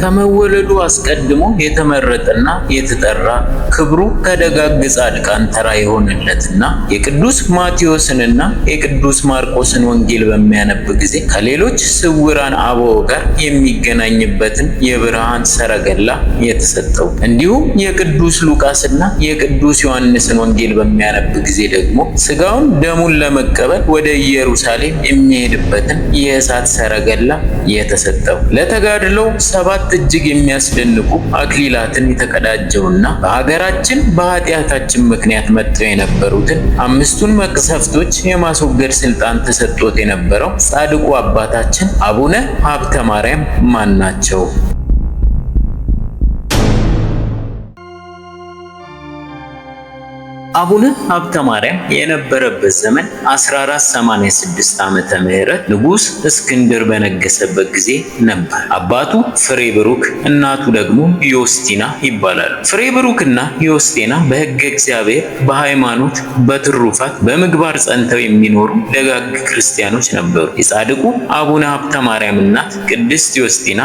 ከመወለዱ አስቀድሞ የተመረጠና የተጠራ ክብሩ ከደጋግ ጻድቃን ተራ የሆነለትና የቅዱስ ማቴዎስንና የቅዱስ ማርቆስን ወንጌል በሚያነብ ጊዜ ከሌሎች ስውራን አበው ጋር የሚገናኝበትን የብርሃን ሰረገላ የተሰጠው እንዲሁም የቅዱስ ሉቃስና የቅዱስ ዮሐንስን ወንጌል በሚያነብ ጊዜ ደግሞ ስጋውን ደሙን ለመቀበል ወደ ኢየሩሳሌም የሚሄድበትን የእሳት ሰረገላ የተሰጠው ለተጋድለው ሰባት እጅግ የሚያስደንቁ አክሊላትን የተቀዳጀውና በሀገራችን በኃጢአታችን ምክንያት መጥተው የነበሩትን አምስቱን መቅሰፍቶች የማስወገድ ስልጣን ተሰጥቶት የነበረው ጻድቁ አባታችን አቡነ ሀብተ ማርያም ማን ናቸው? አቡነ ሀብተ ማርያም የነበረበት ዘመን 1486 ዓመተ ምህረት ንጉስ እስክንድር በነገሰበት ጊዜ ነበር። አባቱ ፍሬ ብሩክ፣ እናቱ ደግሞ ዮስቲና ይባላሉ። ፍሬ እና ዮስቲና በሕገ እግዚአብሔር፣ በሃይማኖት፣ በትሩፋት፣ በምግባር ጸንተው የሚኖሩ ደጋግ ክርስቲያኖች ነበሩ። የጻድቁ አቡነ ሀብተ ማርያም እናት ቅድስት ዮስቲና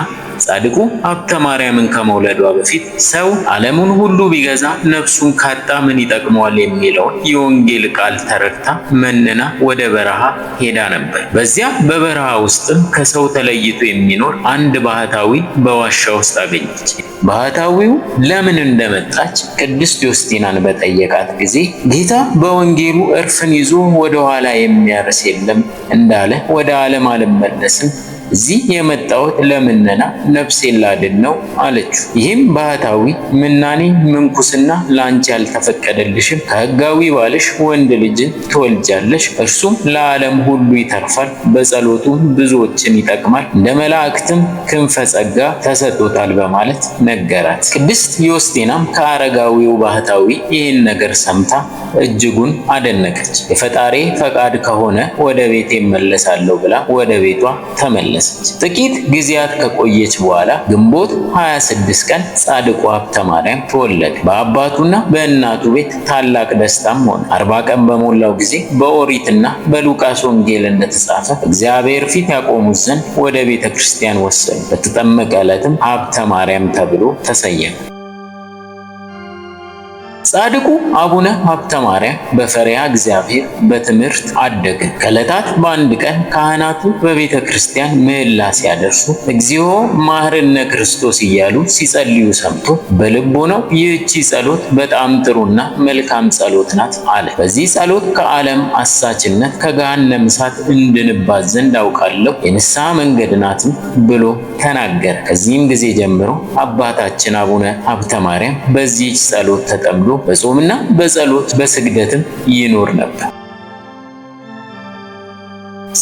ጻድቁ ሀብተ ማርያምን ከመውለዷ በፊት ሰው ዓለሙን ሁሉ ቢገዛ ነፍሱን ካጣ ምን ይጠቅመዋል የሚለውን የወንጌል ቃል ተረድታ መንና ወደ በረሃ ሄዳ ነበር። በዚያ በበረሃ ውስጥም ከሰው ተለይቶ የሚኖር አንድ ባህታዊ በዋሻ ውስጥ አገኘች። ባህታዊው ለምን እንደመጣች ቅድስት ዮስቲናን በጠየቃት ጊዜ ጌታ በወንጌሉ እርፍን ይዞ ወደ ኋላ የሚያርስ የለም እንዳለ ወደ ዓለም አልመለስም እዚህ የመጣሁት ለምነና ነፍሴን ላድን ነው አለችው። ይህም ባህታዊ ምናኔ ምንኩስና ለአንቺ አልተፈቀደልሽም፣ ከህጋዊ ባልሽ ወንድ ልጅን ትወልጃለሽ፣ እርሱም ለዓለም ሁሉ ይተርፋል፣ በጸሎቱም ብዙዎችን ይጠቅማል፣ እንደ መላእክትም ክንፈ ጸጋ ተሰጥቶታል በማለት ነገራት። ቅድስት ዮስቴናም ከአረጋዊው ባህታዊ ይህን ነገር ሰምታ እጅጉን አደነቀች። የፈጣሪ ፈቃድ ከሆነ ወደ ቤት እመለሳለሁ ብላ ወደ ቤቷ ተመለ ተመለሰች። ጥቂት ጊዜያት ከቆየች በኋላ ግንቦት 26 ቀን ጻድቁ ሀብተ ማርያም ተወለደ። በአባቱና በእናቱ ቤት ታላቅ ደስታም ሆነ። አርባ ቀን በሞላው ጊዜ በኦሪትና በሉቃስ ወንጌል እንደተጻፈ እግዚአብሔር ፊት ያቆሙት ዘንድ ወደ ቤተ ክርስቲያን ወሰዱ። በተጠመቀ ዕለትም ሀብተ ማርያም ተብሎ ተሰየመ። ጻድቁ አቡነ ሀብተ ማርያም በፈሪሃ እግዚአብሔር በትምህርት አደገ። ከዕለታት በአንድ ቀን ካህናቱ በቤተ ክርስቲያን ምህላ ሲያደርሱ እግዚኦ ማህርነ ክርስቶስ እያሉ ሲጸልዩ ሰምቶ በልቡ ነው ይህቺ ጸሎት በጣም ጥሩና መልካም ጸሎት ናት አለ። በዚህ ጸሎት ከዓለም አሳችነት ከገሃነመ እሳት እንድንባት ዘንድ አውቃለሁ የንስሐ መንገድ ናትም ብሎ ተናገረ። ከዚህም ጊዜ ጀምሮ አባታችን አቡነ ሀብተ ማርያም በዚህች ጸሎት ተጠምዶ በጾምና በጸሎት በስግደትም ይኖር ነበር።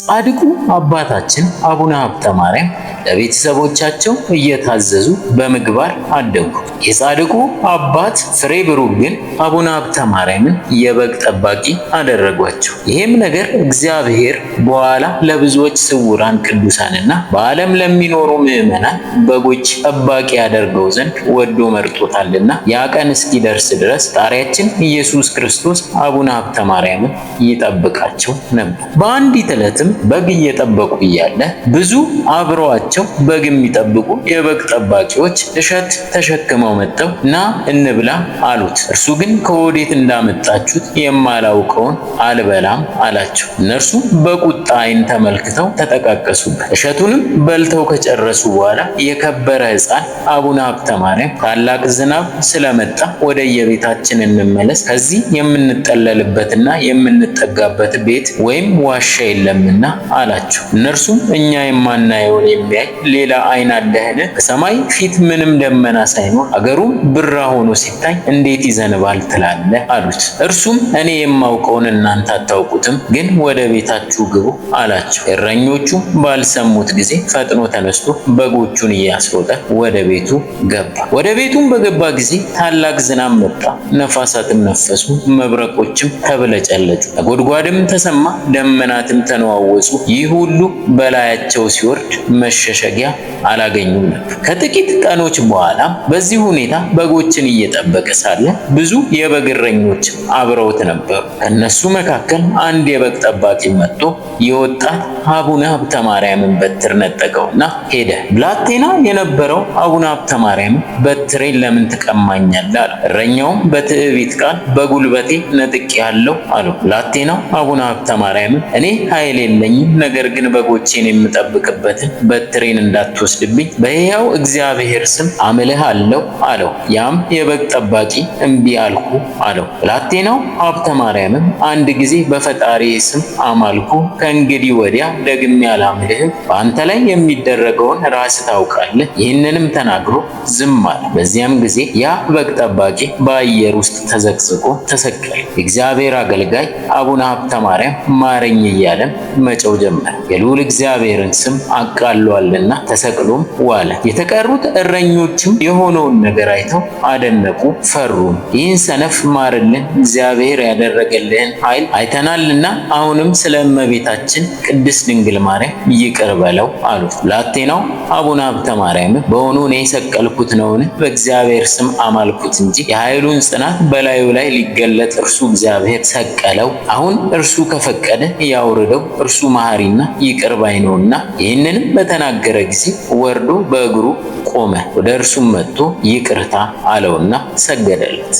ጻድቁ አባታችን አቡነ ሀብተ ማርያም ለቤተሰቦቻቸው እየታዘዙ በምግባር አደጉ። የጻድቁ አባት ፍሬ ብሩክ ግን አቡነ ሀብተ ማርያምን የበግ ጠባቂ አደረጓቸው። ይህም ነገር እግዚአብሔር በኋላ ለብዙዎች ስውራን ቅዱሳንና በዓለም ለሚኖሩ ምዕመናን በጎች ጠባቂ ያደርገው ዘንድ ወዶ መርጦታልና ያ ቀን እስኪደርስ ድረስ ጣሪያችን ኢየሱስ ክርስቶስ አቡነ ሀብተ ማርያምን ይጠብቃቸው ነበር። በአንዲት ዕለትም በግ እየጠበቁ እያለ ብዙ አብረዋ አውቀዋቸው በግ የሚጠብቁ የበግ ጠባቂዎች እሸት ተሸክመው መጥተው ና እንብላ አሉት። እርሱ ግን ከወዴት እንዳመጣችሁት የማላውቀውን አልበላም አላቸው። እነርሱ በቁጣ አይን ተመልክተው ተጠቃቀሱበት። እሸቱንም በልተው ከጨረሱ በኋላ የከበረ ሕፃን አቡነ ሀብተ ማርያም ታላቅ ዝናብ ስለመጣ ወደ የቤታችን እንመለስ፣ ከዚህ የምንጠለልበትና የምንጠጋበት ቤት ወይም ዋሻ የለምና አላቸው። እነርሱም እኛ የማናየውን የሚያ ሲለያይ ሌላ አይን አለህን? ከሰማይ ፊት ምንም ደመና ሳይኖር አገሩ ብራ ሆኖ ሲታይ እንዴት ይዘንባል ትላለህ አሉት። እርሱም እኔ የማውቀውን እናንተ አታውቁትም፣ ግን ወደ ቤታችሁ ግቡ አላቸው። እረኞቹ ባልሰሙት ጊዜ ፈጥኖ ተነስቶ በጎቹን እያስሮጠ ወደ ቤቱ ገባ። ወደ ቤቱም በገባ ጊዜ ታላቅ ዝናብ መጣ፣ ነፋሳትም ነፈሱ፣ መብረቆችም ተብለጨለጩ፣ ነጎድጓድም ተሰማ፣ ደመናትም ተነዋወጹ። ይህ ሁሉ በላያቸው ሲወርድ መሸ መሸሸጊያ አላገኙም ነበር። ከጥቂት ቀኖች በኋላ በዚህ ሁኔታ በጎችን እየጠበቀ ሳለ ብዙ የበግ እረኞች አብረውት ነበሩ። ከነሱ መካከል አንድ የበግ ጠባቂ መጥቶ የወጣት አቡነ ሀብተ ማርያምን በትር ነጠቀውና ሄደ። ብላቴና የነበረው አቡነ ሀብተ ማርያምን በትሬን ለምን ትቀማኛለህ አለ። እረኛውም በትዕቢት ቃል በጉልበቴ ነጥቅ ያለው አለው። ብላቴናው አቡነ ሀብተ ማርያምን እኔ ኃይል የለኝም፣ ነገር ግን በጎቼን የምጠብቅበትን በትር በትሬን እንዳትወስድብኝ በሕያው እግዚአብሔር ስም አምልህ አለው አለው። ያም የበግ ጠባቂ እምቢ አልኩ አለው። ብላቴናው ሀብተ ማርያምም አንድ ጊዜ በፈጣሪ ስም አማልኩ፣ ከእንግዲህ ወዲያ ደግሜ አላምልህም፣ በአንተ ላይ የሚደረገውን ራስ ታውቃለህ። ይህንንም ተናግሮ ዝም አለ። በዚያም ጊዜ ያ በግ ጠባቂ በአየር ውስጥ ተዘቅዝቆ ተሰቀለ። የእግዚአብሔር አገልጋይ አቡነ ሀብተ ማርያም ማረኝ እያለም መጨው ጀመረ። የልዑል እግዚአብሔርን ስም አቃሏል ተሰቅሏልና ተሰቅሎም ዋለ። የተቀሩት እረኞችም የሆነውን ነገር አይተው አደነቁ፣ ፈሩም። ይህን ሰነፍ ማርልን፣ እግዚአብሔር ያደረገልህን ኃይል አይተናልና አሁንም ስለ እመቤታችን ቅድስት ድንግል ማርያም ይቅር በለው አሉት። ብላቴናው አቡነ ሀብተ ማርያም በሆኑ እኔ የሰቀልኩት ነውን? በእግዚአብሔር ስም አማልኩት እንጂ የኃይሉን ጽናት በላዩ ላይ ሊገለጥ እርሱ እግዚአብሔር ሰቀለው። አሁን እርሱ ከፈቀደ ያውርደው፣ እርሱ መሐሪና ይቅር ባይ ነውና ይህንንም በተና በተናገረ ጊዜ ወርዶ በእግሩ ቆመ። ወደ እርሱም መጥቶ ይቅርታ አለውና ሰገደለት።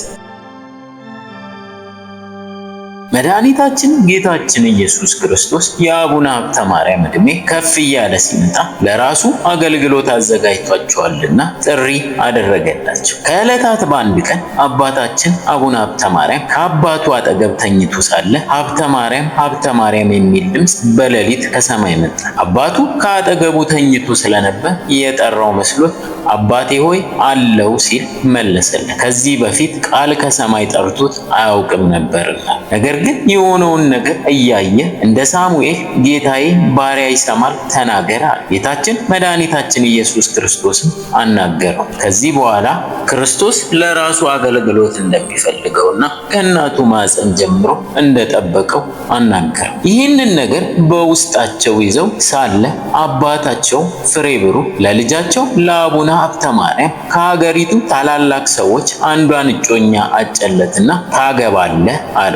መድኃኒታችን ጌታችን ኢየሱስ ክርስቶስ የአቡነ ሀብተ ማርያም ዕድሜ ከፍ እያለ ሲመጣ ለራሱ አገልግሎት አዘጋጅቷቸዋልና ጥሪ አደረገላቸው። ከዕለታት በአንድ ቀን አባታችን አቡነ ሀብተ ማርያም ከአባቱ አጠገብ ተኝቶ ሳለ ሀብተ ማርያም ሀብተ ማርያም የሚል ድምፅ በሌሊት ከሰማይ መጣ። አባቱ ከአጠገቡ ተኝቶ ስለነበር የጠራው መስሎት አባቴ ሆይ አለው ሲል መለሰለ። ከዚህ በፊት ቃል ከሰማይ ጠርቶት አያውቅም ነበርና ነገር ግን የሆነውን ነገር እያየ እንደ ሳሙኤል ጌታዬ ባሪያ ይሰማል ተናገር አለ። ጌታችን መድኃኒታችን ኢየሱስ ክርስቶስም አናገረው። ከዚህ በኋላ ክርስቶስ ለራሱ አገልግሎት እንደሚፈልገውና ከእናቱ ማፀን ጀምሮ እንደጠበቀው አናገረው። ይህንን ነገር በውስጣቸው ይዘው ሳለ አባታቸው ፍሬ ብሩ ለልጃቸው ለአቡነ ሀብተ ማርያም ከሀገሪቱ ታላላቅ ሰዎች አንዷን እጮኛ አጨለትና ታገባለ አለ።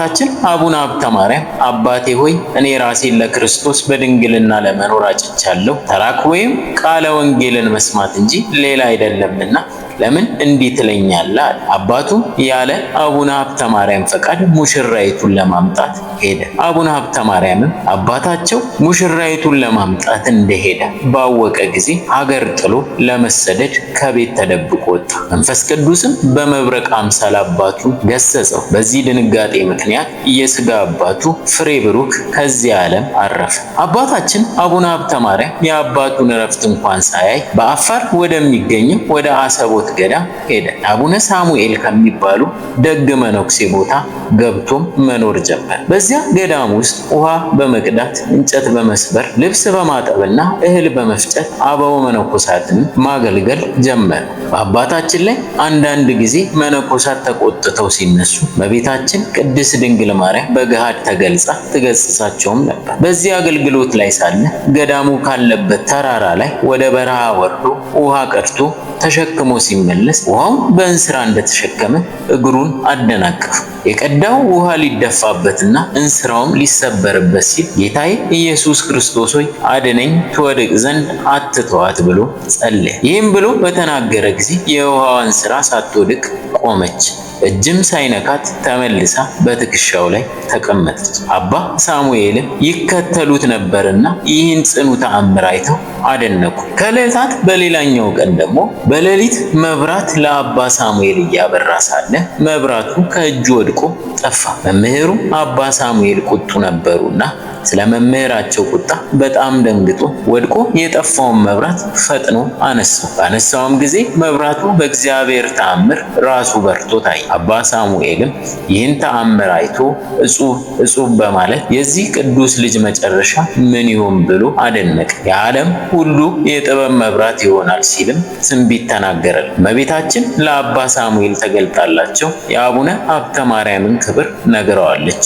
አባታችን አቡነ ሀብተ ማርያም አባቴ ሆይ እኔ ራሴን ለክርስቶስ በድንግልና ለመኖር አጭቻለሁ። ተራክ ወይም ቃለ ወንጌልን መስማት እንጂ ሌላ አይደለምና ለምን እንዲህ ትለኛለህ? አለ። ያለ አቡነ ሀብተ ማርያም ፈቃድ ሙሽራይቱን ለማምጣት ሄደ። አቡነ ሀብተ ማርያምም አባታቸው ሙሽራይቱን ለማምጣት እንደሄደ ባወቀ ጊዜ ሀገር ጥሎ ለመሰደድ ከቤት ተደብቆ ወጣ። መንፈስ ቅዱስም በመብረቅ አምሳል አባቱ ገሰጸው። በዚህ ድንጋጤ ምክንያት የስጋ አባቱ ፍሬ ብሩክ ከዚህ ዓለም አረፈ። አባታችን አቡነ ሀብተ ማርያም የአባቱን እረፍት እንኳን ሳያይ በአፋር ወደሚገኘው ወደ አሰቦት ጸሎት ገዳም ሄደ። አቡነ ሳሙኤል ከሚባሉ ደግ መነኩሴ ቦታ ገብቶም መኖር ጀመር። በዚያ ገዳም ውስጥ ውሃ በመቅዳት እንጨት በመስበር ልብስ በማጠብና እህል በመፍጨት አበው መነኮሳትን ማገልገል ጀመር። በአባታችን ላይ አንዳንድ ጊዜ መነኮሳት ተቆጥተው ሲነሱ በቤታችን ቅድስ ድንግል ማርያም በገሃድ ተገልጻ ትገስጻቸውም ነበር። በዚህ አገልግሎት ላይ ሳለ ገዳሙ ካለበት ተራራ ላይ ወደ በረሃ ወርዶ ውሃ ቀድቶ ተሸክሞ ሲ ሲመለስ ውሃው በእንስራ እንደተሸከመ እግሩን አደናቀፉ። የቀዳው ውሃ ሊደፋበትና እንስራውም ሊሰበርበት ሲል ጌታዬ ኢየሱስ ክርስቶስ ሆይ አድነኝ፣ ትወድቅ ዘንድ አትተዋት ብሎ ጸለየ። ይህም ብሎ በተናገረ ጊዜ የውሃዋ እንስራ ሳትወድቅ ቆመች። እጅም ሳይነካት ተመልሳ በትከሻው ላይ ተቀመጠች። አባ ሳሙኤልም ይከተሉት ነበርና ይህን ጽኑ ተአምር አይተው አደነቁ። ከዕለታት በሌላኛው ቀን ደግሞ በሌሊት መብራት ለአባ ሳሙኤል እያበራ ሳለ መብራቱ ከእጁ ወድቆ ጠፋ። መምህሩ አባ ሳሙኤል ቁጡ ነበሩና ስለ መምህራቸው ቁጣ በጣም ደንግጦ ወድቆ የጠፋውን መብራት ፈጥኖ አነሳው። በአነሳውም ጊዜ መብራቱ በእግዚአብሔር ተአምር ራሱ በርቶ ታየ። አባ ሳሙኤልም ይህን ተአምር አይቶ እጹብ እጹብ በማለት የዚህ ቅዱስ ልጅ መጨረሻ ምን ይሆን ብሎ አደነቀ። የዓለም ሁሉ የጥበብ መብራት ይሆናል ሲልም ትንቢት ተናገረል። እመቤታችን ለአባ ሳሙኤል ተገልጣላቸው የአቡነ ሀብተ ማርያምን ክብር ነግረዋለች።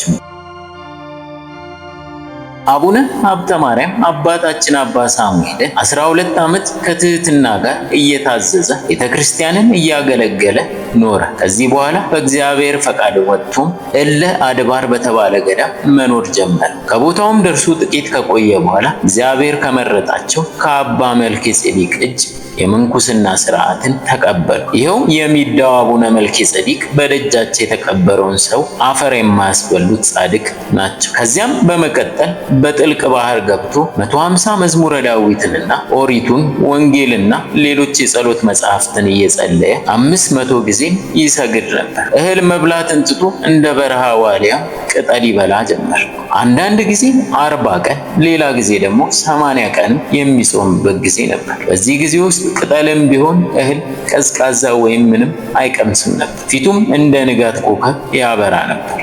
አቡነ ሀብተ ማርያም አባታችን አባ ሳሙኤል 12 ዓመት ከትህትና ጋር እየታዘዘ ቤተ ክርስቲያንን እያገለገለ ኖረ። ከዚህ በኋላ በእግዚአብሔር ፈቃድ ወጥቶም እለ አድባር በተባለ ገዳም መኖር ጀመረ። ከቦታውም ደርሶ ጥቂት ከቆየ በኋላ እግዚአብሔር ከመረጣቸው ከአባ መልክ ጼዴቅ እጅ የምንኩስና ስርዓትን ተቀበሉ። ይኸው የሚዳው አቡነ መልከ ጸዲቅ በደጃቸው የተቀበረውን ሰው አፈር የማያስበሉት ጻድቅ ናቸው። ከዚያም በመቀጠል በጥልቅ ባህር ገብቶ 150 መዝሙረ ዳዊትንና ኦሪቱን ወንጌልና ሌሎች የጸሎት መጽሐፍትን እየጸለየ 500 ጊዜ ይሰግድ ነበር። እህል መብላትን ትቶ እንደ በረሃ ዋሊያ ቅጠል ይበላ ጀመር። አንዳንድ ጊዜ አርባ ቀን ሌላ ጊዜ ደግሞ ሰማንያ ቀን የሚጾምበት ጊዜ ነበር። በዚህ ጊዜ ውስጥ ቅጠልም ቢሆን እህል፣ ቀዝቃዛ ወይም ምንም አይቀምስም ነበር። ፊቱም እንደ ንጋት ኮከብ ያበራ ነበር።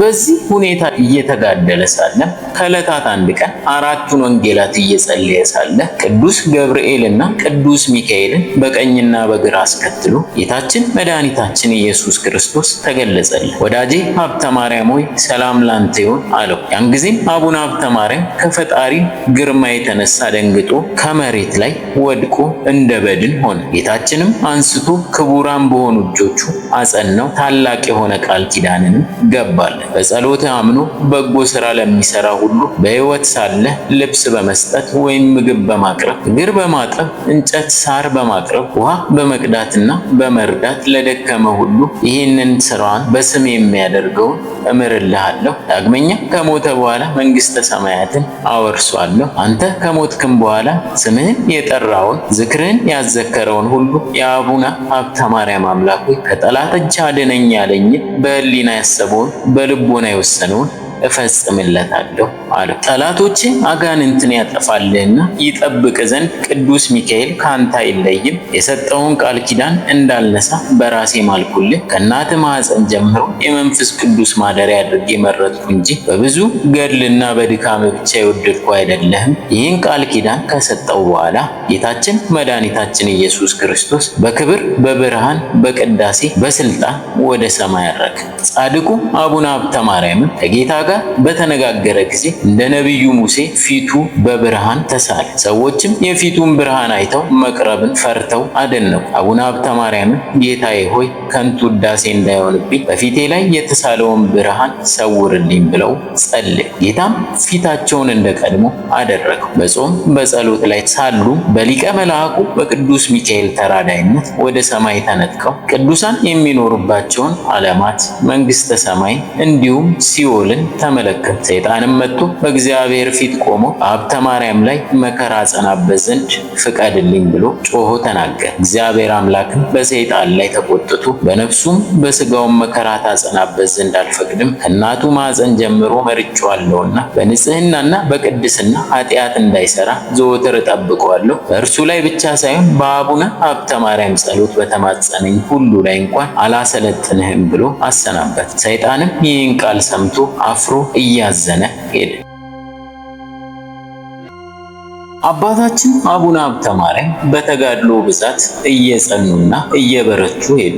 በዚህ ሁኔታ እየተጋደለ ሳለ ከዕለታት አንድ ቀን አራቱን ወንጌላት እየጸለየ ሳለ ቅዱስ ገብርኤልና ቅዱስ ሚካኤልን በቀኝና በግራ አስከትሎ ጌታችን መድኃኒታችን ኢየሱስ ክርስቶስ ተገለጸለ። ወዳጄ ሀብተ ማርያም ሆይ ሰላም ላንተ ይሁን አለው። ያን ጊዜም አቡነ ሀብተ ማርያም ከፈጣሪ ግርማ የተነሳ ደንግጦ ከመሬት ላይ ወድቆ እንደ በድን ሆነ። ጌታችንም አንስቶ ክቡራን በሆኑ እጆቹ አጸናው። ታላቅ የሆነ ቃል ኪዳንንም ገባል። በጸሎት አምኖ በጎ ስራ ለሚሰራ ሁሉ በሕይወት ሳለ ልብስ በመስጠት ወይም ምግብ በማቅረብ እግር በማጠብ እንጨት፣ ሳር በማቅረብ ውሃ በመቅዳትና በመርዳት ለደከመ ሁሉ ይህንን ስራዋን በስም የሚያደርገውን እምርልሃለሁ። ዳግመኛ ከሞተ በኋላ መንግስተ ሰማያትን አወርሷለሁ። አንተ ከሞትክም በኋላ ስምህን የጠራውን ዝክርህን ያዘከረውን ሁሉ የአቡነ ሀብተ ማርያም አምላክ ከጠላት እጅ አድነኝ ያለኝን በህሊና ያሰበውን ልቦና የወሰነውን እፈጽምለታለሁ አለው። ጠላቶችን አጋንንትን ያጠፋልህና ይጠብቅ ዘንድ ቅዱስ ሚካኤል ካንተ አይለይም። የሰጠውን ቃል ኪዳን እንዳልነሳ በራሴ ማልኩልህ። ከእናት ማዕፀን ጀምሮ የመንፈስ ቅዱስ ማደሪያ አድርጌ መረጥኩ እንጂ በብዙ ገድልና በድካም ብቻ የወደድኩ አይደለህም። ይህን ቃል ኪዳን ከሰጠው በኋላ ጌታችን መድኃኒታችን ኢየሱስ ክርስቶስ በክብር በብርሃን በቅዳሴ በስልጣን ወደ ሰማይ አረገ። ጻድቁ አቡነ ሀብተ ማርያምን ከጌታ ጋር በተነጋገረ ጊዜ እንደ ነቢዩ ሙሴ ፊቱ በብርሃን ተሳለ። ሰዎችም የፊቱን ብርሃን አይተው መቅረብን ፈርተው አደነቁ። አቡነ ሀብተ ማርያምን ጌታዬ ሆይ ከንቱ ውዳሴ እንዳይሆንብኝ በፊቴ ላይ የተሳለውን ብርሃን ሰውርልኝ ብለው ጸልዩ። ጌታም ፊታቸውን እንደ ቀድሞ አደረገው። በጾም በጸሎት ላይ ሳሉ በሊቀ መልአኩ በቅዱስ ሚካኤል ተራዳይነት ወደ ሰማይ ተነጥቀው ቅዱሳን የሚኖሩባቸውን ዓለማት መንግስተ ሰማይ እንዲሁም ሲኦልን ተመለከት። ሰይጣንም መጥቶ በእግዚአብሔር ፊት ቆሞ ሀብተ ማርያም ላይ መከራ ጸናበት ዘንድ ፍቀድልኝ ብሎ ጮሆ ተናገረ። እግዚአብሔር አምላክም በሰይጣን ላይ ተቆጥቶ በነፍሱም በስጋውም መከራ ታጸናበት ዘንድ አልፈቅድም፣ ከእናቱ ማኅፀን ጀምሮ መርጬዋለሁና በንጽህናና በቅድስና ኃጢአት እንዳይሰራ ዘወትር እጠብቀዋለሁ። በእርሱ ላይ ብቻ ሳይሆን በአቡነ ሀብተ ማርያም ጸሎት በተማጸነኝ ሁሉ ላይ እንኳን አላሰለጥንህም ብሎ አሰናበት። ሰይጣንም ይህን ቃል ሰምቶ አፍ አፍሮ እያዘነ ሄደ። አባታችን አቡነ ሀብተማርያም በተጋድሎ ብዛት እየጸኑና እየበረቱ ሄዱ።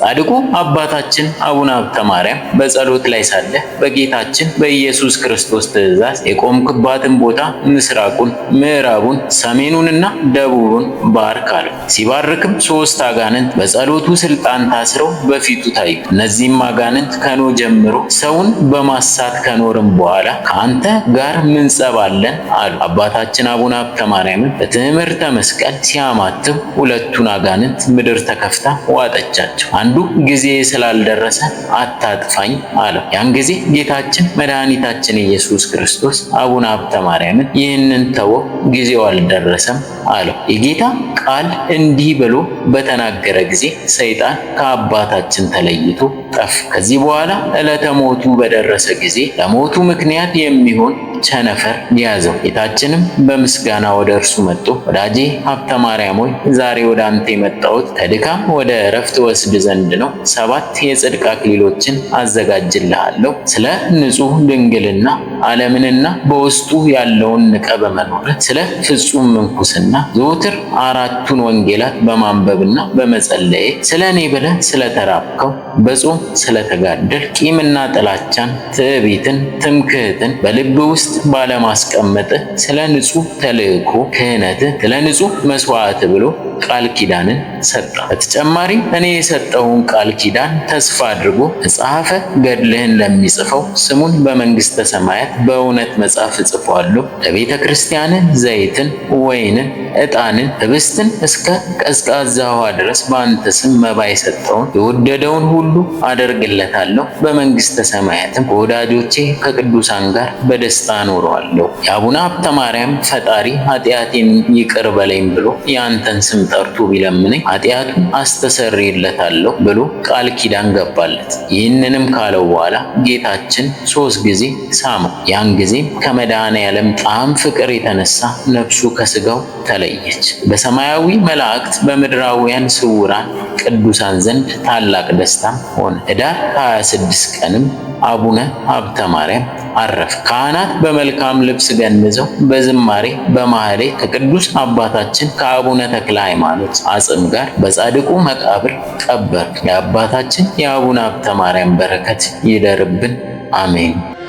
ጻድቁ አባታችን አቡነ ሀብተ ማርያም በጸሎት ላይ ሳለ በጌታችን በኢየሱስ ክርስቶስ ትእዛዝ የቆምክባትን ቦታ ምስራቁን፣ ምዕራቡን፣ ሰሜኑንና ደቡቡን ባርክ አለው። ሲባርክም ሶስት አጋንንት በጸሎቱ ስልጣን ታስረው በፊቱ ታዩ። እነዚህም አጋንንት ከኖ ጀምሮ ሰውን በማሳት ከኖርም በኋላ ከአንተ ጋር ምን ጸብ አለን አሉ። አባታችን አቡነ ሀብተ ማርያምን በትምህርተ መስቀል ሲያማትብ ሁለቱን አጋንንት ምድር ተከፍታ ዋጠቻቸው። አንዱ ጊዜ ስላልደረሰ አታጥፋኝ አለው። ያን ጊዜ ጌታችን መድኃኒታችን ኢየሱስ ክርስቶስ አቡነ ሀብተ ማርያምን ይህንን ተወ፣ ጊዜው አልደረሰም አለው። የጌታ ቃል እንዲህ ብሎ በተናገረ ጊዜ ሰይጣን ከአባታችን ተለይቶ ጠፋ። ከዚህ በኋላ ዕለተ ሞቱ በደረሰ ጊዜ ለሞቱ ምክንያት የሚሆን ቸነፈር ያዘው። ጌታችንም በምስጋና ወደ እርሱ መጡ። ወዳጄ ሀብተ ማርያም ሆይ ዛሬ ወደ አንተ የመጣሁት ከድካም ወደ እረፍት ወስድ ዘንድ ነው። ሰባት የጽድቅ አክሊሎችን አዘጋጅልሃለሁ። ስለ ንጹህ ድንግልና ዓለምንና በውስጡ ያለውን ንቀ በመኖር ስለ ፍጹም ምንኩስና ዘውትር አራቱን ወንጌላት በማንበብና በመጸለዬ ስለ እኔ ብለህ ስለተራብከው በጾም ስለተጋደል ቂምና ጥላቻን፣ ትዕቢትን፣ ትምክህትን በልብ ውስጥ ውስጥ ባለማስቀመጥህ ስለ ንጹህ ተልእኮ ክህነትህ፣ ስለ ንጹህ መስዋዕት ብሎ ቃል ኪዳንን ሰጣ። በተጨማሪም እኔ የሰጠውን ቃል ኪዳን ተስፋ አድርጎ መጽሐፈ ገድልህን ለሚጽፈው ስሙን በመንግሥተ ሰማያት በእውነት መጽሐፍ እጽፈዋለሁ። ለቤተ ክርስቲያንህ ዘይትን፣ ወይንን፣ ዕጣንን፣ ህብስትን እስከ ቀዝቃዛ ውሃ ድረስ በአንተ ስም መባ የሰጠውን የወደደውን ሁሉ አደርግለታለሁ። በመንግሥተ ሰማያትም ከወዳጆቼ ከቅዱሳን ጋር በደስታ አኖረዋለሁ። የአቡነ ሀብተ ማርያም ፈጣሪ ኃጢአቴን ይቅር በለኝ ብሎ የአንተን ስም ጠርቶ ቢለምነኝ ኃጢአቱን አስተሰርይለታለሁ ብሎ ቃል ኪዳን ገባለት። ይህንንም ካለው በኋላ ጌታችን ሶስት ጊዜ ሳመው። ያን ጊዜ ከመድኃኔ ያለም ጣም ፍቅር የተነሳ ነፍሱ ከስጋው ተለየች። በሰማያዊ መላእክት በምድራውያን ስውራን ቅዱሳን ዘንድ ታላቅ ደስታም ሆነ። ኅዳር 26 ቀንም አቡነ ሀብተ ማርያም አረፈ። ካህናት በመልካም ልብስ ገንዘው በዝማሬ በማህሌ ከቅዱስ አባታችን ከአቡነ ተክለ ሃይማኖት አጽም ጋር በጻድቁ መቃብር ቀበር። የአባታችን የአቡነ ሀብተ ማርያም በረከት ይደርብን፣ አሜን።